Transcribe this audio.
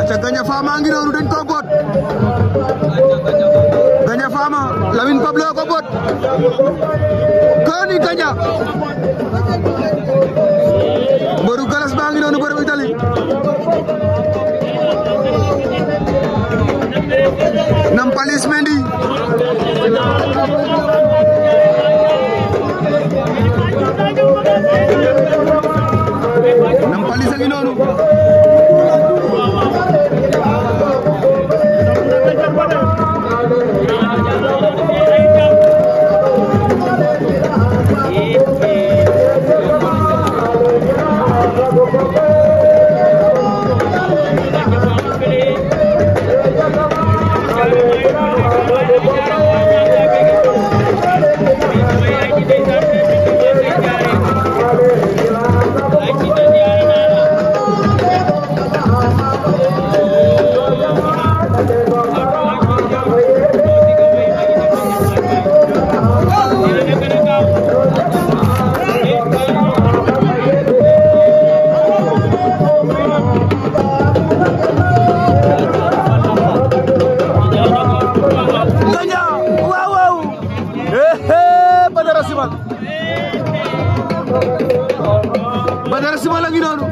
aca Gagné Fama ngi noonu dañ ko bot Ganya Fama Lamine Pablo ko kau koni ganya, Boru galas baa ngi boru mbëru Itali Nampalys Mendy enam a ngi noonu Obrigado, Badara Simal la ngi noonu